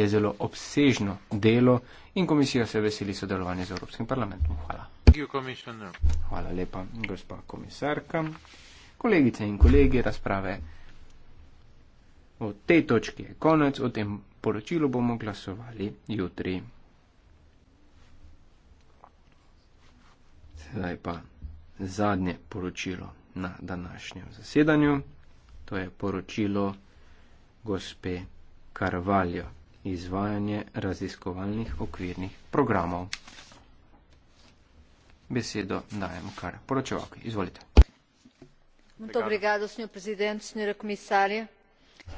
je zelo obsežno delo in komisija se veseli sodelovanja z Evropskim parlamentom. Hvala. Hvala lepa, gospa komisarka. Kolegice in kolegi, razprave o tej točki je konec, o tem poročilu bomo glasovali jutri. Sedaj pa zadnje poročilo na današnjem zasedanju. To je poročilo gospe Karvaljo izvajanje raziskovalnih okvirnih programov. Besedo dajem kar poročevalki. Izvolite.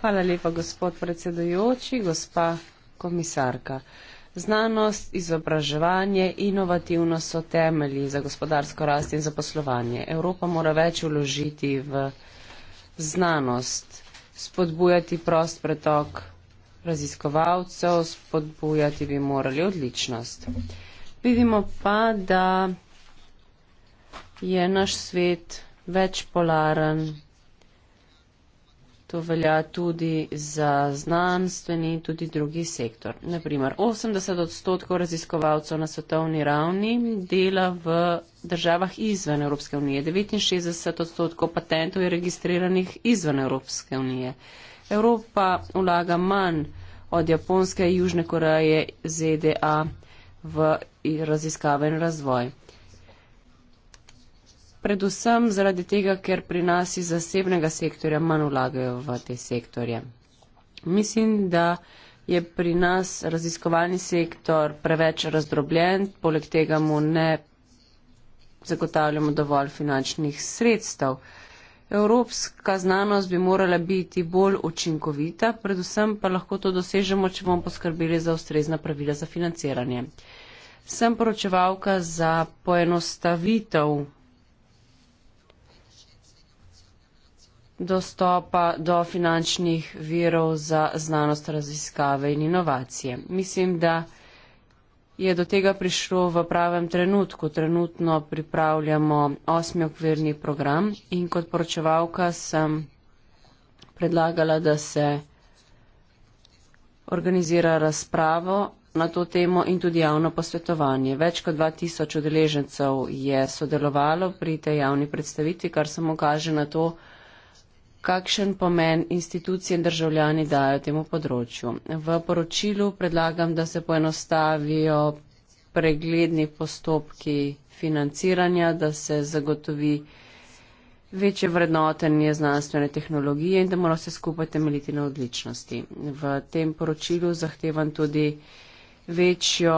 Hvala lepa, gospod predsedujoči, gospa komisarka. Znanost, izobraževanje, inovativnost so temelji za gospodarsko rast in zaposlovanje. Evropa mora več vložiti v znanost, spodbujati prost pretok raziskovalcev, spodbujati bi morali odličnost. Vidimo pa, da je naš svet večpolaren. To velja tudi za znanstveni, tudi drugi sektor. Naprimer, 80 odstotkov raziskovalcev na svetovni ravni dela v državah izven Evropske unije, 69 odstotkov patentov je registriranih izven Evropske unije. Evropa vlaga manj od Japonske, Južne Koreje, ZDA v raziskave in razvoj. Predvsem zaradi tega, ker pri nas iz zasebnega sektorja manj vlagajo v te sektorje. Mislim, da je pri nas raziskovalni sektor preveč razdrobljen, poleg tega mu ne zagotavljamo dovolj finančnih sredstev. Uh, Evropska znanost bi morala biti bolj učinkovita, predvsem pa lahko to dosežemo, če bomo poskrbeli za ustrezna pravila za financiranje. Sem poročevalka za poenostavitev dostopa do finančnih virov za znanost, raziskave in inovacije. Mislim, da je do tega prišlo v pravem trenutku. Trenutno pripravljamo osmi okvirni program in kot poročevalka sem predlagala, da se organizira razpravo na to temo in tudi javno posvetovanje. Več kot 2000 udeležencev je sodelovalo pri tej javni predstavitvi, kar samo kaže na to, da kakšen pomen institucije in državljani dajo temu področju. V poročilu predlagam, da se poenostavijo pregledni postopki financiranja, da se zagotovi večje vrednotenje znanstvene tehnologije in da mora vse skupaj temeljiti na odličnosti. V tem poročilu zahtevam tudi večjo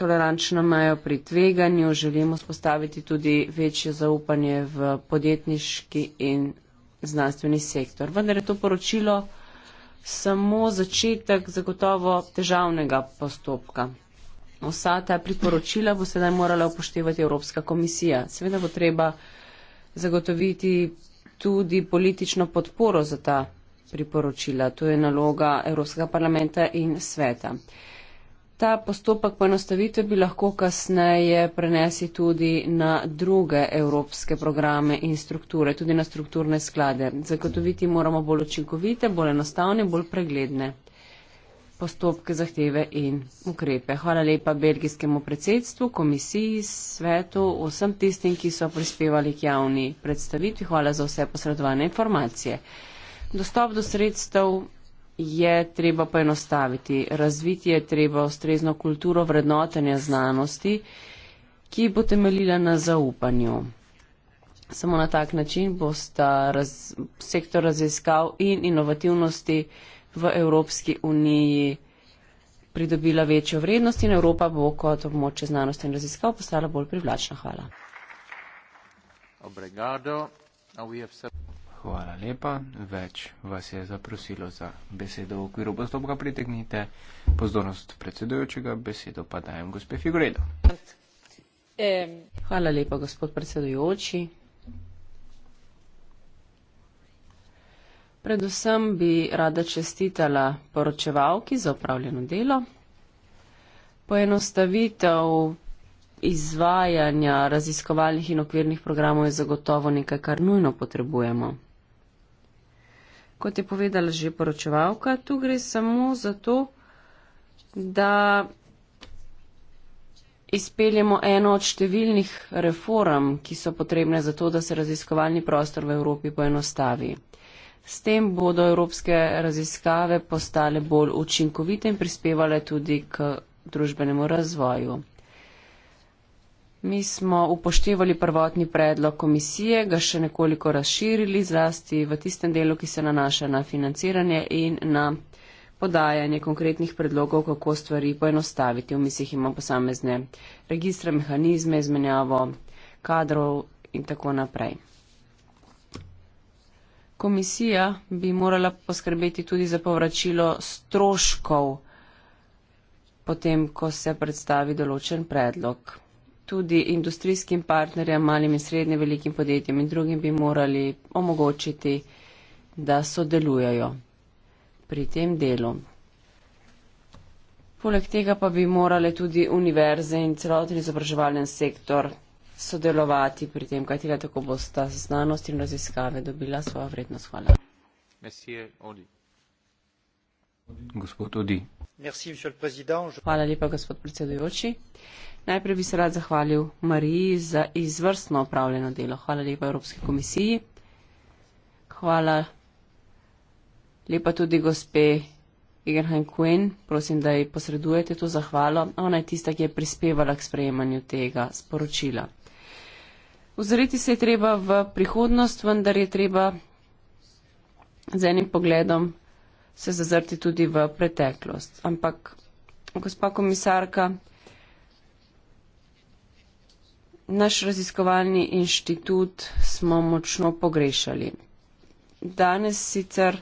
tolerančno mejo pri tveganju, želimo spostaviti tudi večje zaupanje v podjetniški in znanstveni sektor. Vendar je to poročilo samo začetek zagotovo težavnega postopka. Vsa ta priporočila bo sedaj morala upoštevati Evropska komisija. Seveda bo treba zagotoviti tudi politično podporo za ta priporočila. To je naloga Evropskega parlamenta in sveta. Uh, Ta postopek poenostavitve bi lahko kasneje prenesi tudi na druge evropske programe in strukture, tudi na strukturne sklade. Zagotoviti moramo bolj učinkovite, bolj enostavne, bolj pregledne postopke, zahteve in ukrepe. Hvala lepa belgijskemu predsedstvu, komisiji, svetu, vsem tistim, ki so prispevali k javni predstavitvi. Hvala za vse posredovane informacije. Dostop do sredstev je treba poenostaviti. Razviti je treba ustrezno kulturo vrednotenja znanosti, ki bo temeljila na zaupanju. Samo na tak način bosta raz, sektor raziskav in inovativnosti v Evropski uniji pridobila večjo vrednost in Evropa bo kot območje znanosti in raziskav postala bolj privlačna. Hvala. Obregado. Hvala lepa. Več vas je zaprosilo za besedo v okviru postopka. Pritegnite pozornost predsedujočega, besedo pa dajem gospe Figuredo. Hvala lepa, gospod predsedujoči. Predvsem bi rada čestitala poročevalki za upravljeno delo. Poenostavitev izvajanja raziskovalnih in okvirnih programov je zagotovo nekaj, kar nujno potrebujemo kot je povedala že poročevalka, tu gre samo za to, da izpeljemo eno od številnih reform, ki so potrebne za to, da se raziskovalni prostor v Evropi poenostavi. S tem bodo evropske raziskave postale bolj učinkovite in prispevale tudi k družbenemu razvoju. Mi smo upoštevali prvotni predlog komisije, ga še nekoliko razširili, zlasti v tistem delu, ki se nanaša na financiranje in na podajanje konkretnih predlogov, kako stvari poenostaviti. V mislih imamo posamezne registre, mehanizme, izmenjavo kadrov in tako naprej. Komisija bi morala poskrbeti tudi za povračilo stroškov, potem ko se predstavi določen predlog tudi industrijskim partnerjem, malim in srednje velikim podjetjem in drugim bi morali omogočiti, da sodelujajo pri tem delu. Poleg tega pa bi morale tudi univerze in celoten izobraževalen sektor sodelovati pri tem, kaj tega tako bosta znanost in raziskave dobila svojo vrednost. Hvala. Messie, Odi. Gospod Odi. Hvala lepa, gospod predsedujoči. Najprej bi se rad zahvalil Mariji za izvrstno opravljeno delo. Hvala lepa Evropski komisiji. Hvala lepa tudi gospe Egerheim Quinn. Prosim, da ji posredujete to zahvalo. Ona je tista, ki je prispevala k sprejemanju tega sporočila. Ozoriti se je treba v prihodnost, vendar je treba z enim pogledom se zazrti tudi v preteklost. Ampak, gospa komisarka, naš raziskovalni inštitut smo močno pogrešali. Danes sicer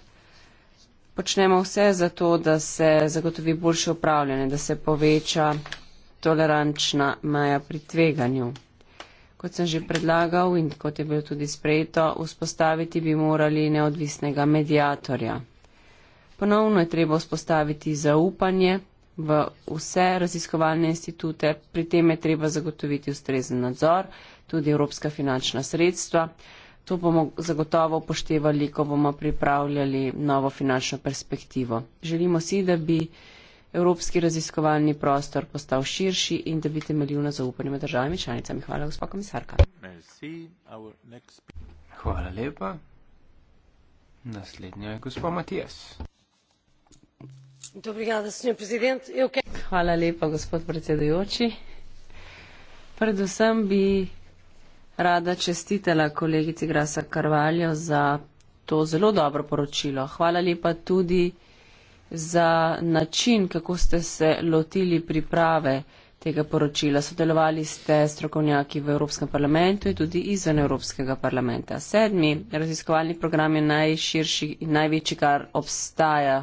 počnemo vse za to, da se zagotovi boljše upravljanje, da se poveča tolerančna maja pri tveganju. Kot sem že predlagal in kot je bilo tudi sprejeto, vzpostaviti bi morali neodvisnega medijatorja. Ponovno je treba vzpostaviti zaupanje v vse raziskovalne institute, pri tem je treba zagotoviti ustrezen nadzor, tudi evropska finančna sredstva. To bomo zagotovo upoštevali, ko bomo pripravljali novo finančno perspektivo. Želimo si, da bi evropski raziskovalni prostor postal širši in da bi temeljil na zaupanju med državami članicami. Hvala, gospa komisarka. Hvala lepa. Naslednja je gospod Matijas. Hvala lepa, gospod predsedujoči. Predvsem bi rada čestitela kolegici Grasa Karvaljo za to zelo dobro poročilo. Hvala lepa tudi za način, kako ste se lotili priprave tega poročila. Sodelovali ste strokovnjaki v Evropskem parlamentu in tudi izven Evropskega parlamenta. Sedmi raziskovalni program je najširši in največji, kar obstaja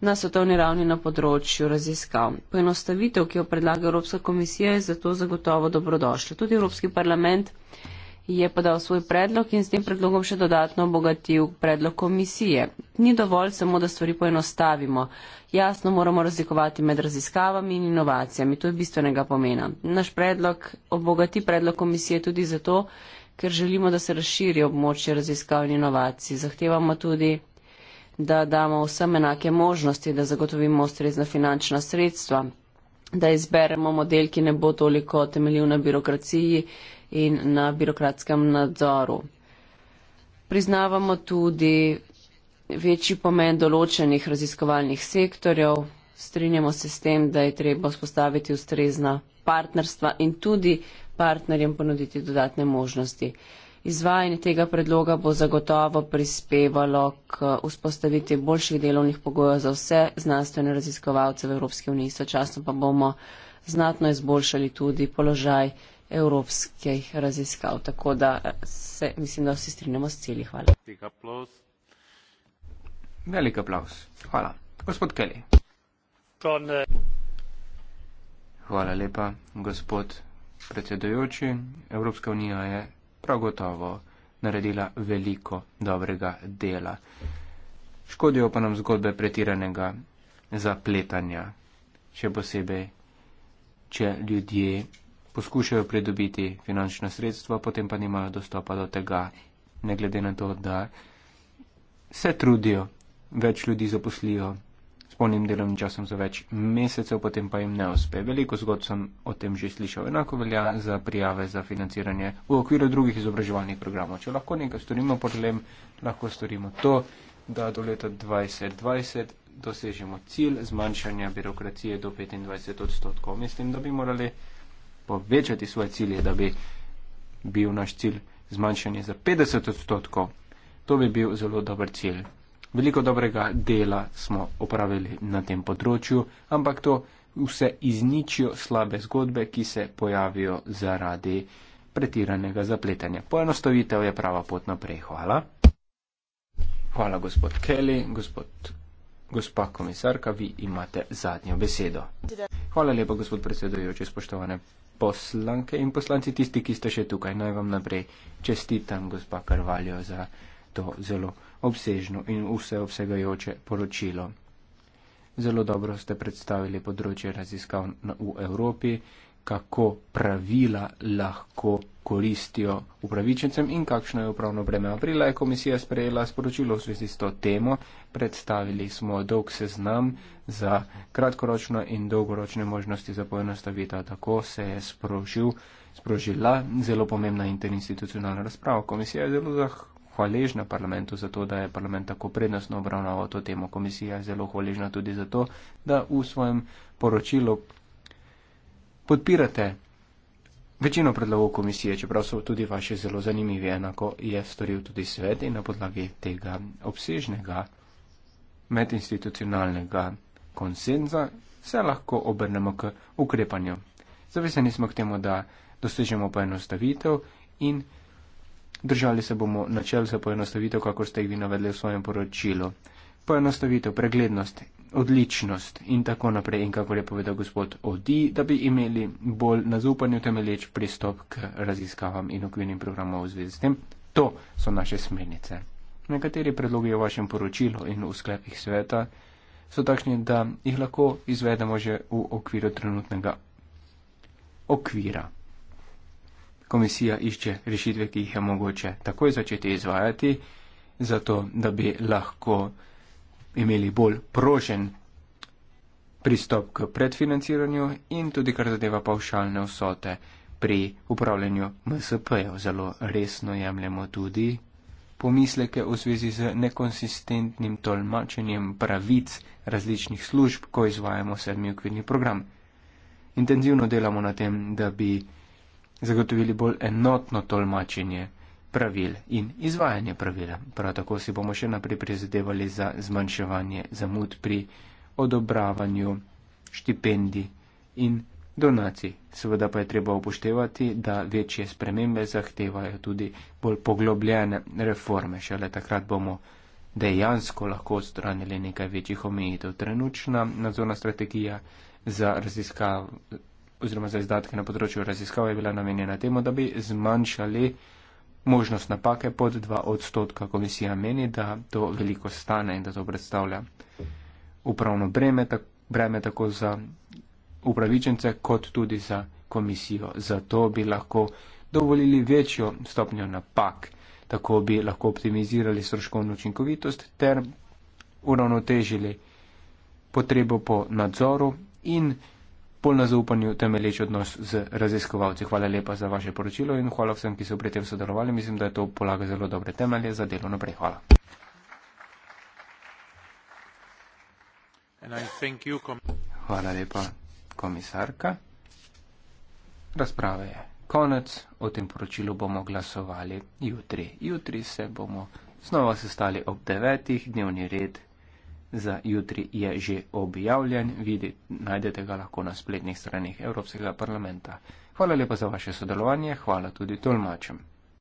na svetovni ravni na področju raziskav. Poenostavitev, ki jo predlaga Evropska komisija, je zato zagotovo dobrodošla. Tudi Evropski parlament je podal svoj predlog in s tem predlogom še dodatno obogatil predlog komisije. Ni dovolj samo, da stvari poenostavimo. Jasno moramo razlikovati med raziskavami in inovacijami. To je bistvenega pomena. Naš predlog obogati predlog komisije tudi zato, ker želimo, da se razširi območje raziskav in inovacij. Zahtevamo tudi da damo vsem enake možnosti, da zagotovimo ustrezna finančna sredstva, da izberemo model, ki ne bo toliko temeljiv na birokraciji in na birokratskem nadzoru. Priznavamo tudi večji pomen določenih raziskovalnih sektorjev, strinjamo se s tem, da je treba spostaviti ustrezna partnerstva in tudi partnerjem ponuditi dodatne možnosti. Izvajanje tega predloga bo zagotovo prispevalo k vzpostaviti boljših delovnih pogojev za vse znanstvene raziskovalce v Evropski uniji. Sočasno pa bomo znatno izboljšali tudi položaj evropskih raziskav. Tako da eh, se, mislim, da vsi strinjamo s cilji. Hvala. Velik aplaus. Hvala. Gospod Kelly. Eh, Hvala lepa, gospod predsedujoči. Evropska unija je prav gotovo naredila veliko dobrega dela. Škodijo pa nam zgodbe pretiranega zapletanja, še posebej, če ljudje poskušajo pridobiti finančno sredstvo, potem pa nimajo dostopa do tega, ne glede na to, da se trudijo, več ljudi zaposlijo, s polnim delovnim časom za več mesecev, potem pa jim ne uspe. Veliko zgod sem o tem že slišal. Enako velja za prijave za financiranje v okviru drugih izobraževalnih programov. Če lahko nekaj storimo pod lem, lahko storimo to, da do leta 2020 dosežemo cilj zmanjšanja birokracije do 25 odstotkov. Mislim, da bi morali povečati svoje cilje, da bi bil naš cilj zmanjšanje za 50 odstotkov. To bi bil zelo dober cilj. Veliko dobrega dela smo opravili na tem področju, ampak to vse izničijo slabe zgodbe, ki se pojavijo zaradi pretiranega zapletanja. Poenostavitev je prava pot naprej. Hvala. Hvala, gospod Kelly, gospod, gospa komisarka, vi imate zadnjo besedo. Hvala lepa, gospod predsedujoči, spoštovane poslanke in poslanci, tisti, ki ste še tukaj. Naj vam naprej čestitam, gospa Karvaljo, za to zelo obsežno in vseobsegajoče poročilo. Zelo dobro ste predstavili področje raziskav v Evropi, kako pravila lahko koristijo upravičencem in kakšno je upravno breme. Aprila je komisija sprejela sporočilo v zvezi s to temo. Predstavili smo dolg seznam za kratkoročno in dolgoročne možnosti za poenostavitev. Tako se je sprožil, sprožila zelo pomembna interinstitucionalna razprava. Komisija je zelo zahvalna hvaležna parlamentu za to, da je parlament tako prednostno obravnaval to temo. Komisija je zelo hvaležna tudi za to, da v svojem poročilu podpirate večino predlogov komisije, čeprav so tudi vaše zelo zanimivi, enako je storil tudi svet in na podlagi tega obsežnega medinstitucionalnega konsenza se lahko obrnemo k ukrepanju. Zaveseni smo k temu, da dosežemo poenostavitev in Držali se bomo načel za poenostavitev, kakor ste jih vi navedli v svojem poročilu. Poenostavitev, preglednost, odličnost in tako naprej. In kako je povedal gospod Odi, da bi imeli bolj na zaupanju temelječ pristop k raziskavam in okvirnim programom v zvezi s tem. To so naše smernice. Nekateri predlogi v vašem poročilu in v sklepih sveta so takšni, da jih lahko izvedemo že v okviru trenutnega okvira. Komisija išče rešitve, ki jih je mogoče takoj začeti izvajati, zato da bi lahko imeli bolj prožen pristop k predfinanciranju in tudi kar zadeva paušalne vsote pri upravljanju MSP-jev. Zelo resno jemljemo tudi pomisleke v zvezi z nekonsistentnim tolmačenjem pravic različnih služb, ko izvajamo sedmi okvirni program. Intenzivno delamo na tem, da bi zagotovili bolj enotno tolmačenje pravil in izvajanje pravil. Prav tako si bomo še naprej prizadevali za zmanjševanje zamud pri odobravanju štipendij in donacij. Seveda pa je treba upoštevati, da večje spremembe zahtevajo tudi bolj poglobljene reforme. Šele takrat bomo dejansko lahko odstranili nekaj večjih omejitev. Trenutna nadzorna strategija za raziskav, oziroma za izdatke na področju raziskav je bila namenjena temu, da bi zmanjšali možnost napake pod 2 odstotka. Komisija meni, da to veliko stane in da to predstavlja upravno breme, tak, breme tako za upravičence kot tudi za komisijo. Zato bi lahko dovolili večjo stopnjo napak, tako bi lahko optimizirali stroškovno učinkovitost ter uravnotežili potrebo po nadzoru in pol na zaupanju temelječ odnos z raziskovalci. Hvala lepa za vaše poročilo in hvala vsem, ki so pri tem sodelovali. Mislim, da je to polaga zelo dobre temelje za delo naprej. Hvala. Hvala lepa, komisarka. Razprave je konec. O tem poročilu bomo glasovali jutri. Jutri se bomo znova sestali ob devetih, dnevni red za jutri je že objavljen. Vidi, najdete ga lahko na spletnih straneh Evropskega parlamenta. Hvala lepa za vaše sodelovanje, hvala tudi tolmačem.